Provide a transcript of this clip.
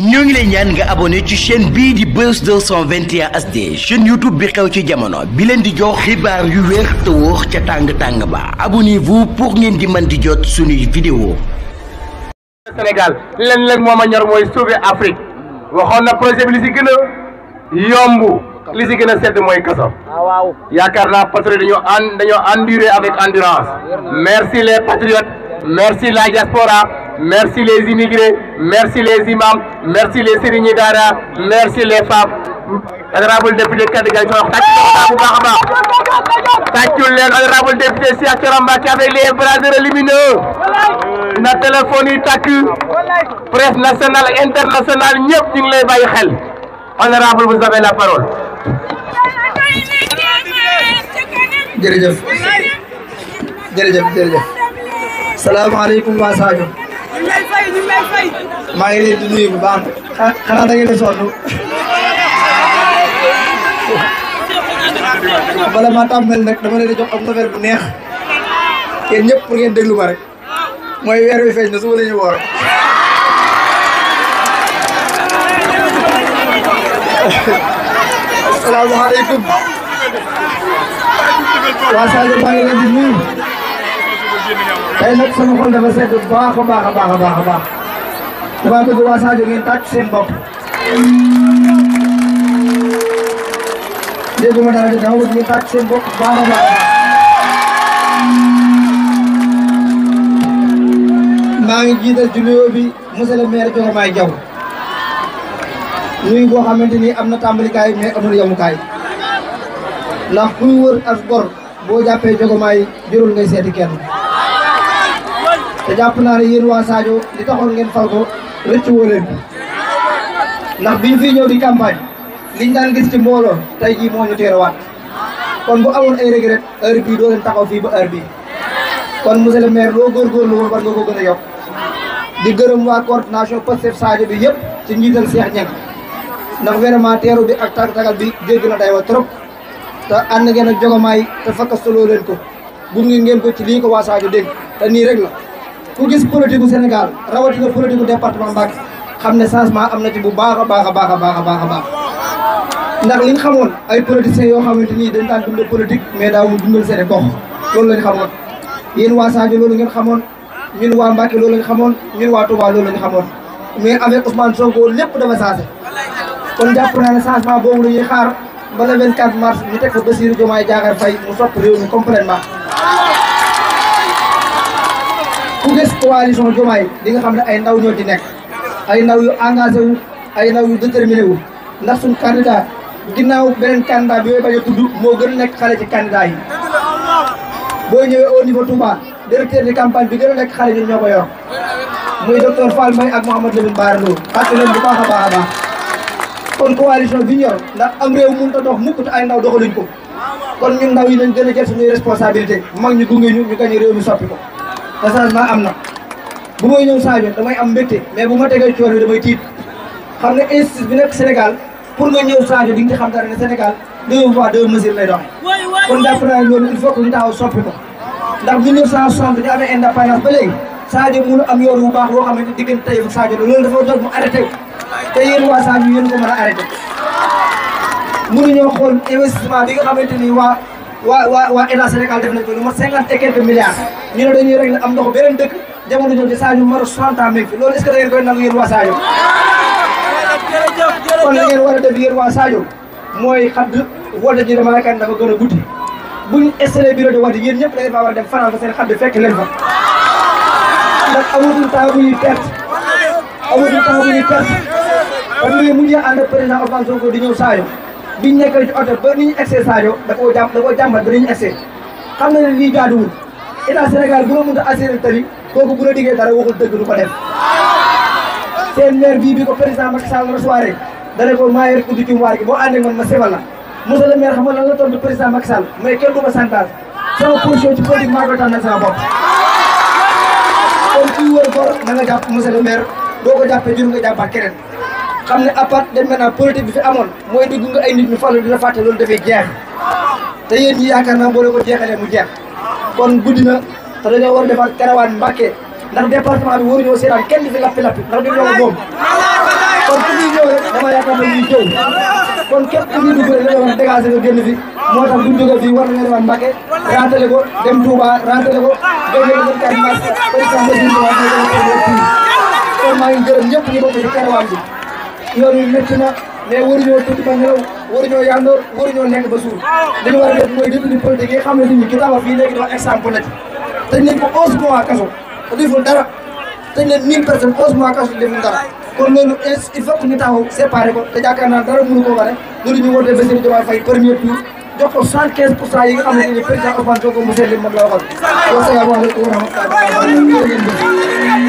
ñoo ngi lay ñaan nga abonné ci chaîne bi di Buzz 221 SD chaîne YouTube bi xew ci jamono bi leen di jox xibaar yu wéx te wóor ci tang tang ba abonnez-vous pour ngeen di mën di jot suñu vidéo Sénégal leen leen moma ñor moy sauver Afrique waxon na projet bi li ci gëna yombu li ci gëna gën moy kasso ah waaw yaakar na patriote dañu and dañu endurer avec endurance merci les patriotes merci la diaspora merci les immigrés, merci les imams, merci les Sérignes Dara, merci les femmes. Honorable député Kadigal, tàccul leen honorable député Cheikh Thioro Mbacké avec les bras lumineux na téléphone yi tàkk presse nationale et internationale nous ñu lay honorable vous avez la parole. Salam jërëjëf Salam salaamaaleykum wa maa ngi leen di nuyu bu baax ah, xanaa da ngeen di sonn bala maa tàmbali nag dama leen di jox am nouvelle bu neex yéen ñëpp pour ngeen déglu ma rek mooy weer wi feeñ na suba la ñu woor asalaamaaleykum waa Sadio maa ngi leen di nuyu tey nag sama xol dafa sedd bu baax a baax a baax a baax baax damaa bëgg seen bopp. déggu ma seen bopp bu baax a baax maa ngi jiital ci nuyoo bi monsieur le maire Diomaye Diaw boo xamante ni am na tàmbalikaay mais amul yamukaay ndax kuy wër as gor boo jàppee Diomaye jërul ngay seeti kenn. te jàpp naa ne yéen waa Sadio li taxoon ngeen fal ko rëccu woo leen ndax biñ fi ñëw di campagne liñ daan gis ci mbooloo tey ji mooñu ñu teerawaat kon bu amoon ay regret heure bii doo leen taxaw fii ba heure bii kon monsieur le maire loo góorgóorlu woon war nga ko gën a yokk di gërëm waa coordination Pastef Sadio bi yëpp ci njiital Cheikh Niang ndax vraiment teeru bi ak tàgg-tàggal bi jégg na day wa trop te ànd na ak jogomaay te fakka soloo leen ko gunge ngeen ko ci lii ko waa saajo dégg te nii rek la ku gis politique gu Sénégal rawatina politique gu département Mbacké xam ne changement am na ci bu baax a baax a baax a baax a baax a baax ndax li ñu xamoon ay politiciens yoo xamante ni dañ daan dundal politique mais daawul dundal seen gox loolu la ñu xamoon. yéen waa Sadio loolu ngeen xamoon ñun waa Mbacké loolu la ñu xamoon ñun waa Touba loolu la ñu xamoon mais avec Ousmane Sonko lépp dafa changé kon jàpp naa ne changement boobu la ñuy xaar ba le 24 mars ñu teg fa Bassirou Diomaye Diakhar fay mu soppi réew mi complètement ku gis coalition Diomaye li nga xam ne ay ndaw ñoo ci nekk ay ndaw yu engagé ay ndaw yu déterminé wu ndax suñu candidat ginnaaw beneen candidat bi yooyu bañ a tudd moo gën a nekk xale ci candidat yi boo ñëwee au niveau Touba directeur de bi gën a nekk xale ñun ñoo ko yor muy docteur Fall Mbaye ak Mouhamadou Lamine Bara Lo fàtte leen bu baax a baax a baax kon coalition bi ñu yor ndax am réew mënut a dox mukk te ay ndaw doxaluñ ko kon ñun ndaw yi nañ gën a jël suñuy responsabilité mag ñu gunge ñu ñu gañ réew mi soppi ko changement am na bu may ñëw Sadio damay am mbégte mais bu ma tegee coono bi damay tiit xam ne institut bi nekk Sénégal pour nga ñëw Sadio di nga xam dara ne Sénégal deux fois deux mesures lay doxe kon jàpp naa loolu il faut que ñu taxaw soppi amee indépendance ba léegi Sadio mënu am yoon bu baax boo xam ne diggante tey ak Sadio loolu dafa doon mu arrêté te yéen waa Sadio yéen ko mën a arrêté mënuñoo xool investissement bi nga xamante ni waa waa waa waa état Sénégal def nañ ko lu mat cinquante et quelques milliards ñu ne dañuy rek am ndox beneen dëkk jamono jooju Sadio Mara 60 ans meeg fi loolu est-ce que da ngeen koy nangu yéen waa Sadio kon li ngeen war a def yéen waa Sadio mooy xadd woote ji dama yaakaar dafa gën a guddi buñ installé bureau de wàllu yéen ñëpp da ngeen faa war a di ñëw Sadio biñ nekkee ci oto ba ni ñu egsee Sadio da koo jàmm da koo jàmbat xam na ne lii jaaduwul état Sénégal bu ma mënta ku tali kooku bu la diggee dara waxul dëgg du ko def. seen maire bii bi ko président Macky Sall recevoir da ne ko maa yor kudd ci waar gi boo ànd ak man ma sebal la monsieur le la tontu président Macky Sall mais kenn du ma santaat sama position ci maa ngi koy tànnal bopp. kon kuy wër bor na nga jàpp doo ko jàppee jur nga jàppaat keneen. xamne apart dem na de politique bi fi amone moy dug nga ay nit ñu falu dina faté lolu dafay jeex té yeen ñi yaakaar naa boo ko jeexalee mu jeex kon guddina té da nga war a defar karawaan ndax département bi ñoo seetaan kenn di fi lappi-lappi ndax du ñoo mom kon ku ñu ñëw rek dama yaakaar na ñu jëw kon képp ku ñu duggal la dañoo dégagé nga fi motax bu jóge war nga demaat Mbàkke rantalé ko dem Touba rantalé ko jóge ko dem ko ko ko ko ko ko ko ko ko ko ko ko ko ko ko yoon wi métti na mais waruñoo tudd ba nelaw waruñoo yàndoor waruñoo lekk ba suur li ñu war a def mooy député politique yi xam ne nit ñi ki taxaw fii léegi doon exemple la ci tëj nañ ko 11 mois kaso te deful dara tëj nañ 1000 personnes 11 mois kaso deful dara kon loolu il faut que ñu taxaw séparé ko te jaakaar naa dara ko bare loolu ñu wootee Bassirou Diomaye Faye premier tour jox ko 75 pour cent yi nga xam ne ni président Ousmane Sonko mu seetlu moom la waxoon. waaw salaamaaleykum wa rahmatulah.